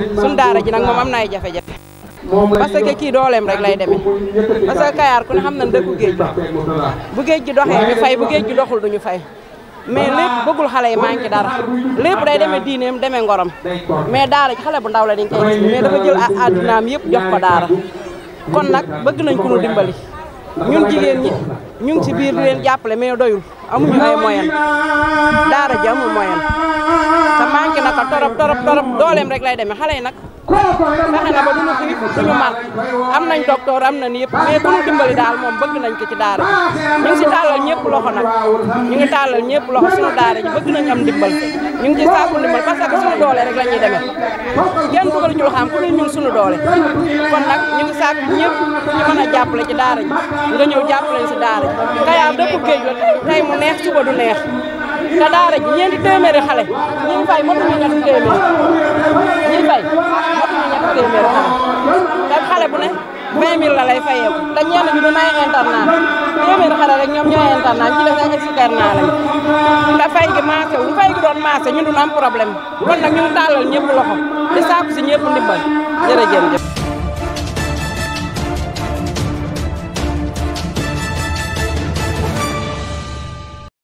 suñ daara ji nag moom am na ay jafe-jafe parce que kii dooleem rek lay demee parce que Kayar ku ne xam na dëkku géej bu géej gi doxee ñu fay bu géej gi doxul duñu fay mais lépp bëggul xale yi manqué dara lépp day demee diineem demee ngorom mais daara ji xale bu ndaw la dañ koy gis mais dafa jël àddinaam yëpp jox ko daara kon nag bëgg nañ ku nu dimbali ñun jigéen ñi ñu ngi ci biir di leen jàppale mais doyul amuñu ay moyen daara ji amul moyen ko torop torop torop dooleem rek lay demee xale yi nag fexe na ba duñu xiif duñu mar am nañ am nañ yëpp mais ku ñu dimbali daal moom bëgg nañ ko ci daara ñu ngi si tàllal ñëpp loxo nag ñu ngi tàllal ñëpp loxo suñu daara ji bëgg nañ am ndimbal ñu ngi ci saaku ndimbal parce que suñu doole rek la ñuy demee kenn dugal ñu xam ku ñun suñu doole kon nag ñu ngi saaku ñëpp ñu mën a jàppale ci daara ji nga ñëw jàppale ci daara ji Kayaar dëkk géej la tey mu neex suba du neex te daara ji ñeenti téeméeri xale ñi ngi fay motuñu ñetti téeméer ñi ngi fay motuñu ñetti téeméeri xale te bu ne 20000 la lay fayeeku te ñenn ñi du may internat téeméeri xale rek ñoom ñooy internat ci def ay externat lañ te fay gi maase wu fay gi doon maase ñun du am kon nag ñu tàllal ñëpp loxo di saaku si ñëpp ndimbal jërëjëf.